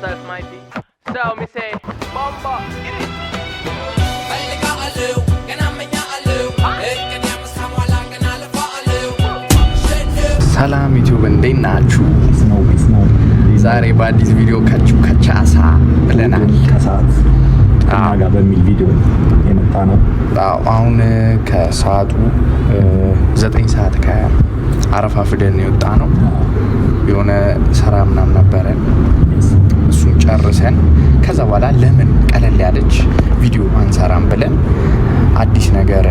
that might be. So me say, Bomba. get it. ሰላም ዩቲዩብ እንዴት ናችሁ? ዛሬ በአዲስ ቪዲዮ ከቹ ከቻሳ ብለናል። ከሰዓት ጋ በሚል ቪዲዮ የመጣ ነው። አሁን ከሰዓቱ ዘጠኝ ሰዓት ከአረፋ ፍደን የወጣ ነው። የሆነ ስራ ምናምን ነበረን። ጨርሰን ከዛ በኋላ ለምን ቀለል ያለች ቪዲዮ አንሰራም ብለን አዲስ ነገር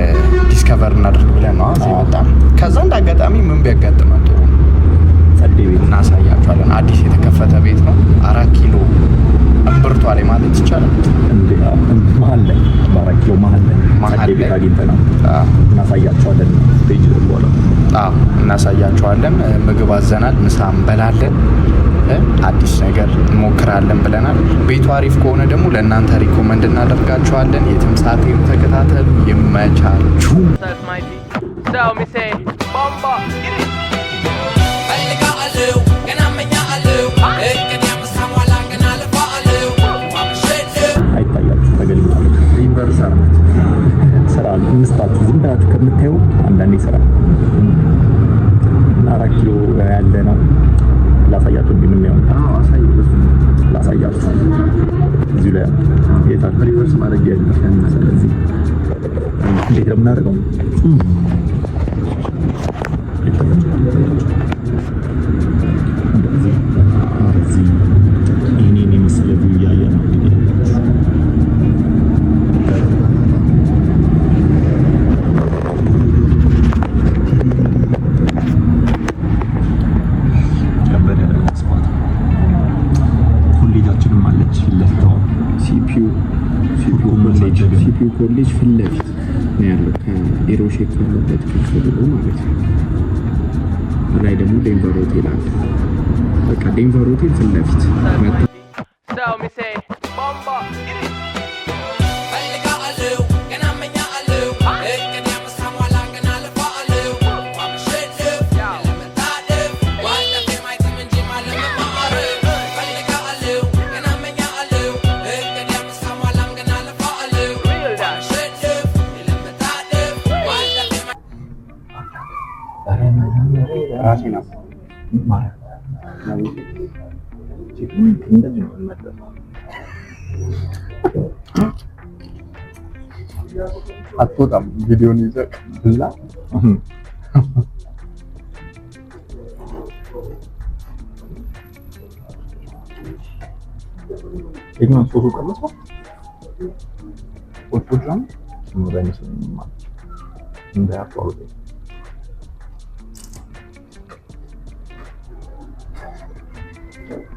ዲስከቨር እናደርግ ብለን ነው አሁን የመጣን። ከዛ እንደ አጋጣሚ ምን ቢያጋጥመ ጥሩ ነው እናሳያቸዋለን። አዲስ የተከፈተ ቤት ነው አራት ኪሎ እምብርቷ ላይ ማለት ይቻላል። መሀል ላይ ኪሎ መሀል ላይ መሀል አግኝተናል። እናሳያቸዋለን። በኋላ እናሳያቸዋለን። ምግብ አዘናል። ምሳ እንበላለን። አዲስ ነገር እንሞክራለን ብለናል። ቤቱ አሪፍ ከሆነ ደግሞ ለእናንተ ሪኮመንድ እናደርጋችኋለን። የትም ሰዓት ተከታተሉ። ይመቻችሁ። እንስጣችሁ። ዝም ብላችሁ ከምታዩ አንዳንዴ ይሰራል እና አራት ኪሎ ያለ ነው ላሳያችሁ። እንዲህ የምናየው ላሳያችሁ እዚሁ ላይ የታች ሪቨርስ ማድረግ ያለ ስለዚህ እንዴት ነው የምናደርገው? ሆቴል አለ። በቃ ዴንቨር ሆቴል ፊት ለፊት 지금 굉장히 안 맞아서. 압도담 미련이죠. 몰라? 얘기만 소주 까먹어? Portugal, no Venice, no de acuerdo. Thank you.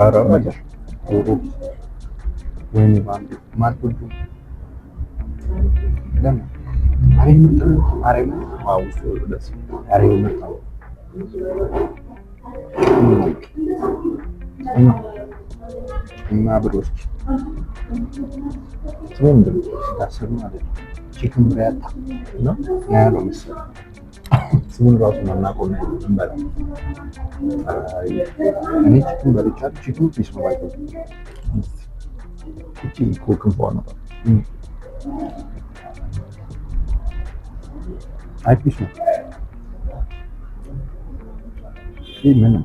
Karaa maja. ነው ያለው መሰለኝ ስሙን ራሱ ማናውቀው እንበላ እኔ ቺኩን በልቻል። ቺኩ ፒስ ነው እቺ ኮክን ነው ነው ይህ ምንም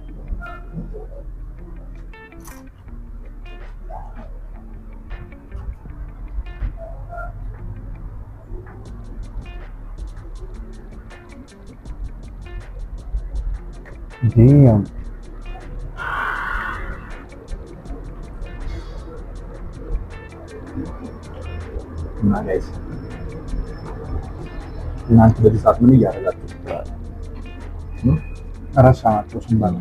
Damn. እና ጋይስ እናንተ በዚህ ሰዓት ምን እያደረጋችሁ ይችላል? እረሳ ናቸው ስንባል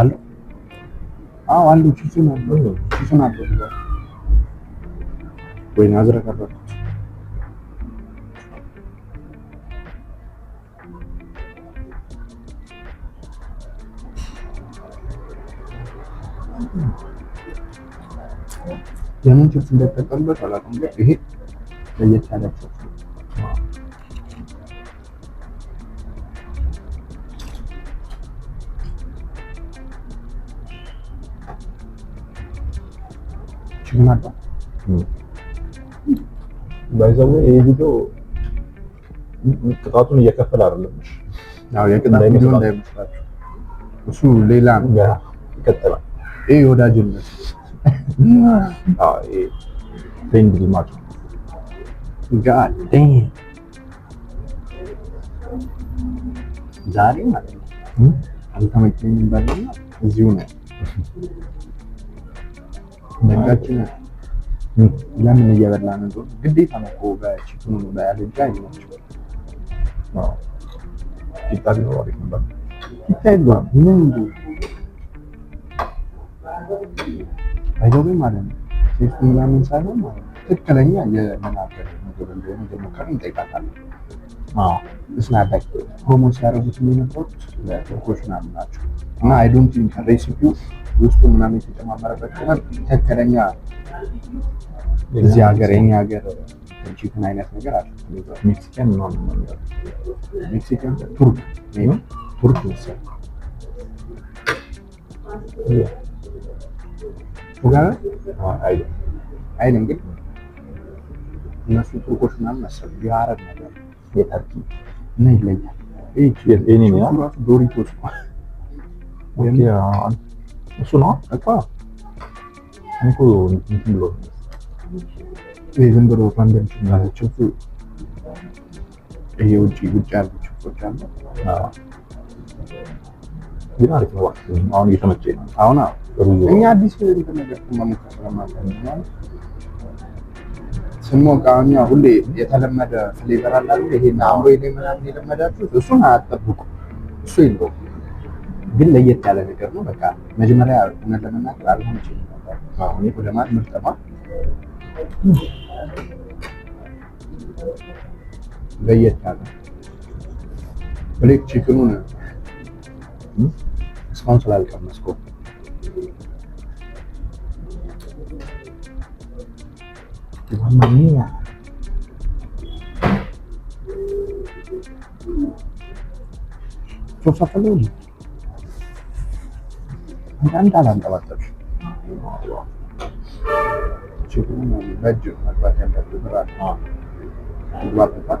አሉ አሉ ቺቹ ናቸው ቺቹ ናቸው ወይ ናዝረከረኩ የምንችል እንደተጠቀምበት አላውቅም፣ ግን ይሄ ለየት ያለ ችግር አለ። ባይዘው ይሄ ቪዲዮ ቅጣቱን እየከፈል አይደለም። አዎ የቅጣት ቪዲዮ እንዳይመስላችሁ እሱ ሌላ ነው። ይቀጥላል ይሄ ወዳጅነት ፍሬንድሊ ማለት ጋር ዛሬ ማለት ነው። አንተ መኪና እዚሁ ነው በቃችን። ለምን እየበላን እንደሆነ ግዴታ መኮ በቺኩኑ በያልጃ አይመቸውም። ቂጣ ቢኖር አሪፍ ነበር። ቂጣ የለም ምን አይደለም ማለት ነው። ሴፍቲ ምናምን ሳይሆን ማለት ነው ትክክለኛ የመናገር ነገር እንደሆነ እንደሞከር እንጠይቃታለን። ስናዳይ ፕሮሞት ሲያደረጉት የሚነበሩት ቱርኮች ምናምን ናቸው እና አይ ዶንት ቲንክ ሬሲፒ ውስጡ ምናምን የተጨማመረበት ቅመም ትክክለኛ እዚህ ሀገር የኛ ሀገር ቺክን አይነት ነገር አለ። ሜክሲካን ነው ሜክሲካን ቱርክ ቱርክ መሰለኝ ሱጋር አይደለም አይደለም፣ ግን እነሱ ቱርኮች ምናምን መሰሉ የአረብ ነገር የተርኪ እና ይለኛል። ራሱ ዶሪቶች እሱ ነው እንትን ብሎ ዝም ብሎ ፓንደሚክ ናቸው ውጭ ውጭ ያሉ ችፖች አሉ ግን አሪፍ ነው። አሁን እየተመቸኝ ነው። አሁን እኛ አዲስ ነገር ስሞቅ አሁን ሁሌ የተለመደ ፍሌቨር አለ አይደል? ይሄን አእምሮ ምናምን የለመዳችሁት እሱን አያጠብቁ እሱ የለውም፣ ግን ለየት ያለ ነገር ነው። በቃ መጀመሪያ እውነት ለመናገር አልሆን ይችል አሁን ምርጠማ ለየት ያለ ብሌክ ቺክኑን sponsor I'll come. Let's go. Mamma mia. Sono stato lì. Tanta tanta battaci. C'è uno di peggio, ma guarda, è andato per la... No. Ah. Guarda qua.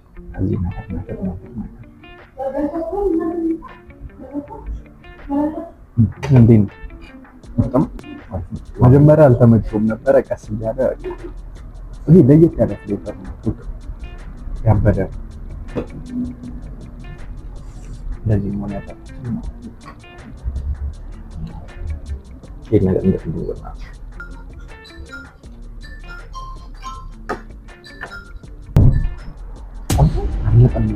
ከዚህ ነገር ነገር መጀመሪያ አልተመቸውም ነበረ። ቀስ እያለ ይሄ ለየት ያለ ፍሌቨር ነው። ያበደ እንደዚህ መሆን ያበደ ነገር እንደዚህ ነው። kami.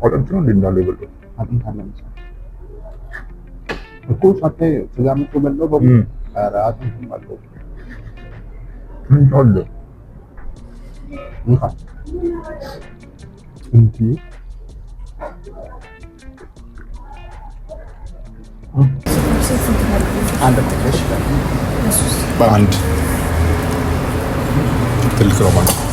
Orang tu di dalam level tu. Hati dalam sah. Aku sampai selama tu benda baru. Rahat tu semua tu. Mencol tu. Muka. Inti. አንድ ትልሽ በአንድ ትልቅ ነው ማለት ነው።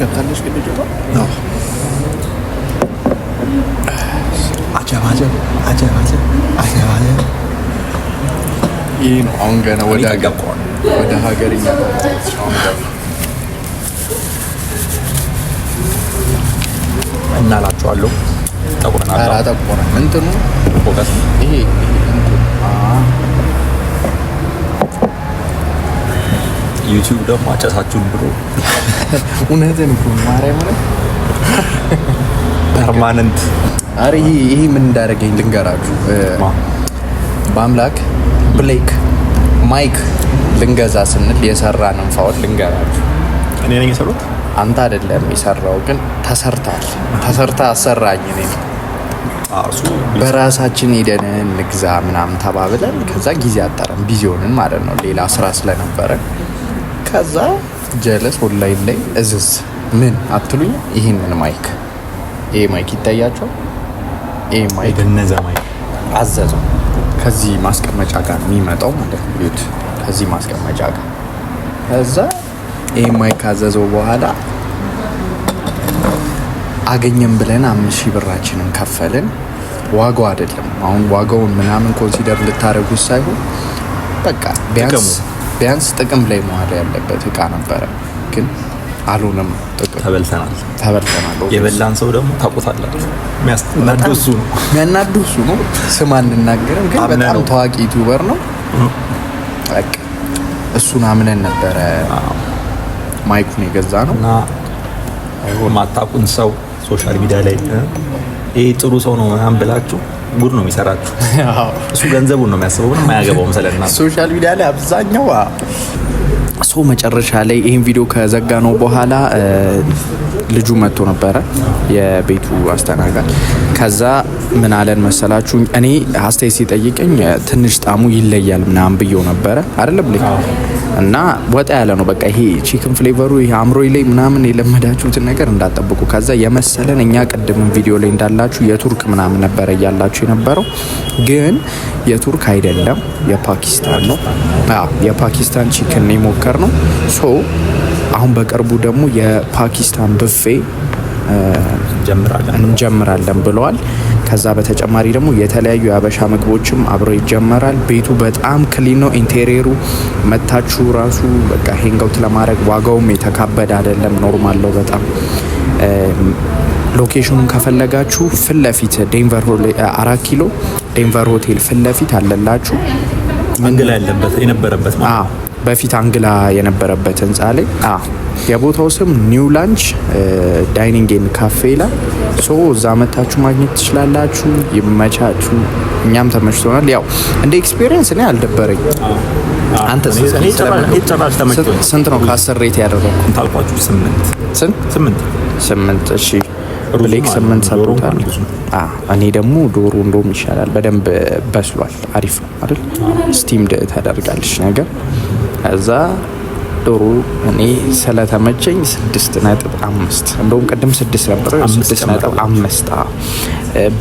ገብታለች ግን ልጅቷ ነው። አጀብ አጀብ አጀብ አጀብ አጀብ አጀብ። ይህ ነው አሁን ገና ወደ ሀገር ወደ ሀገር እናላችኋለሁ። ጠቁረናል። ጠቁረን እንትኑ ይሄ ዩቲዩብ ደግሞ አጨሳችሁን ብሎ እውነትን እኮ ማርያም ነው። ፐርማነንት አረ ይሄ ምን እንዳደረገኝ ልንገራችሁ። በአምላክ ብሌክ ማይክ ልንገዛ ስንል የሰራንን ፋውል ልንገራችሁ። እኔ ነኝ የሰሩት አንተ አይደለም የሰራው፣ ግን ተሰርታል። ተሰርታ አሰራኝ እኔ በራሳችን ሄደን እንግዛ ምናምን ተባብለን ከዛ ጊዜ አጠረን ቢዚ ሆንን ማለት ነው። ሌላ ስራ ስለነበረን ከዛ ጀለስ ኦንላይን ላይ እዝዝ ምን አትሉኝ። ይህንን ማይክ ይሄ ማይክ ይታያቸው። ይሄ ማይክ እነዛ ማይክ አዘዙ። ከዚህ ማስቀመጫ ጋር የሚመጣው ማለት ነው። ከዚህ ማስቀመጫ ጋር ከዛ ይሄ ማይክ አዘዘው በኋላ አገኘም ብለን አምስት ሺህ ብራችንን ከፈልን። ዋጋው አይደለም አሁን ዋጋውን ምናምን ኮንሲደር ልታደርጉት ሳይሆን በቃ ቢያንስ ቢያንስ ጥቅም ላይ መዋል ያለበት እቃ ነበረ፣ ግን አልሆነም። ጥቅም ተበልተናል፣ ተበልተናል። የበላን ሰው ደግሞ ታውቆታላችሁ። የሚያናዱ እሱ ነው፣ ስም አንናገርም፣ ግን በጣም ታዋቂ ዩቱበር ነው። እሱን አምነን ነበረ ማይኩን የገዛ ነው። እና ማታቁን ሰው ሶሻል ሚዲያ ላይ ይህ ጥሩ ሰው ነው ምናምን ብላችሁ ጉድ ነው የሚሰራችሁ። እሱ ገንዘቡን ነው የሚያስበው፣ ምንም አያገባውም ስለና ሶሻል ሚዲያ ላይ አብዛኛው ሶ መጨረሻ ላይ ይህን ቪዲዮ ከዘጋ ነው በኋላ ልጁ መጥቶ ነበረ የቤቱ አስተናጋጅ። ከዛ ምን አለን መሰላችሁ፣ እኔ አስተያየት ሲጠይቀኝ ትንሽ ጣሙ ይለያል ምናምን ብየው ነበረ አይደለም ልክ እና ወጣ ያለ ነው። በቃ ይሄ ቺክን ፍሌቨሩ ይሄ አምሮይ ላይ ምናምን የለመዳችሁትን ነገር እንዳጠብቁ። ከዛ የመሰለን እኛ ቅድም ቪዲዮ ላይ እንዳላችሁ የቱርክ ምናምን ነበረ እያላችሁ የነበረው ግን የቱርክ አይደለም፣ የፓኪስታን ነው። አዎ የፓኪስታን ቺክን የሞከር ነው። ሶ አሁን በቅርቡ ደግሞ የፓኪስታን ብፌ እንጀምራለን ብለዋል። ከዛ በተጨማሪ ደግሞ የተለያዩ የአበሻ ምግቦችም አብሮ ይጀመራል። ቤቱ በጣም ክሊን ነው። ኢንቴሪየሩ መታችሁ ራሱ በቃ ሄንገውት ለማድረግ ዋጋውም የተካበደ አይደለም። ኖርማል ነው በጣም ሎኬሽኑን ከፈለጋችሁ ፊት ለፊት ዴንቨር አራት ኪሎ ዴንቨር ሆቴል ፊት ለፊት አለላችሁ። አንግላ ያለበት የነበረበት በፊት አንግላ የነበረበት ህንፃ ላይ የቦታው ስም ኒው ላንች ዳይኒንግን ካፌ ይላል። ሶ እዛ መታችሁ ማግኘት ትችላላችሁ። ይመቻችሁ። እኛም ተመችቶናል። ያው እንደ ኤክስፔሪየንስ እኔ አልደበረኝ። አንተ ስንት ነው ከአስር ሬት ስምንት ስምንት ስምንት። እሺ ብሌክ ስምንት ሰብሮታል። እኔ ደግሞ ዶሮ እንደውም ይሻላል፣ በደንብ በስሏል። አሪፍ ነው አይደል? ስቲም ተደርጋለች ነገር እዛ ጥሩ እኔ ስለተመቸኝ ስድስት ነጥብ አምስት እንደውም ቅድም ስድስት ነበር፣ ስድስት ነጥብ አምስት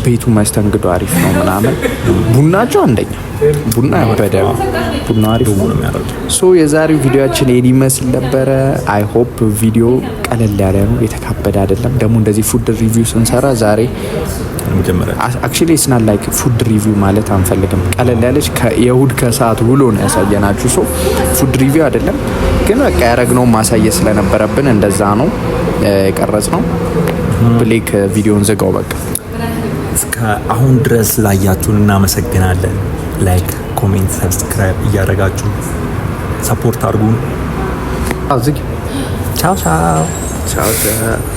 ቤቱ መስተንግዶ አሪፍ ነው ምናምን። ቡናቸው አንደኛ ቡና ያበደ ቡና አሪፍ ሶ የዛሬው ቪዲዮችን ይህን ይመስል ነበረ። አይ ሆፕ ቪዲዮ ቀለል ያለ ነው፣ የተካበደ አይደለም። ደግሞ እንደዚህ ፉድ ሪቪው ስንሰራ ዛሬ መጀመሪያ አክቹዋሊ ናት ላይክ ፉድ ሪቪው ማለት አንፈልግም። ቀለል ያለች የእሁድ ከሰዓት ውሎ ነው ያሳየናችሁ። ሰው ፉድ ሪቪው አይደለም ግን በቃ ያረግነውን ማሳየት ስለነበረብን እንደዛ ነው የቀረጽ ነው። ብሌክ ቪዲዮን ዘጋው። በቃ እስከ አሁን ድረስ ላያችሁን እናመሰግናለን። ላይክ፣ ኮሜንት፣ ሰብስክራይብ እያደረጋችሁ ሰፖርት አድርጉን። ቻው ቻው ቻው ቻው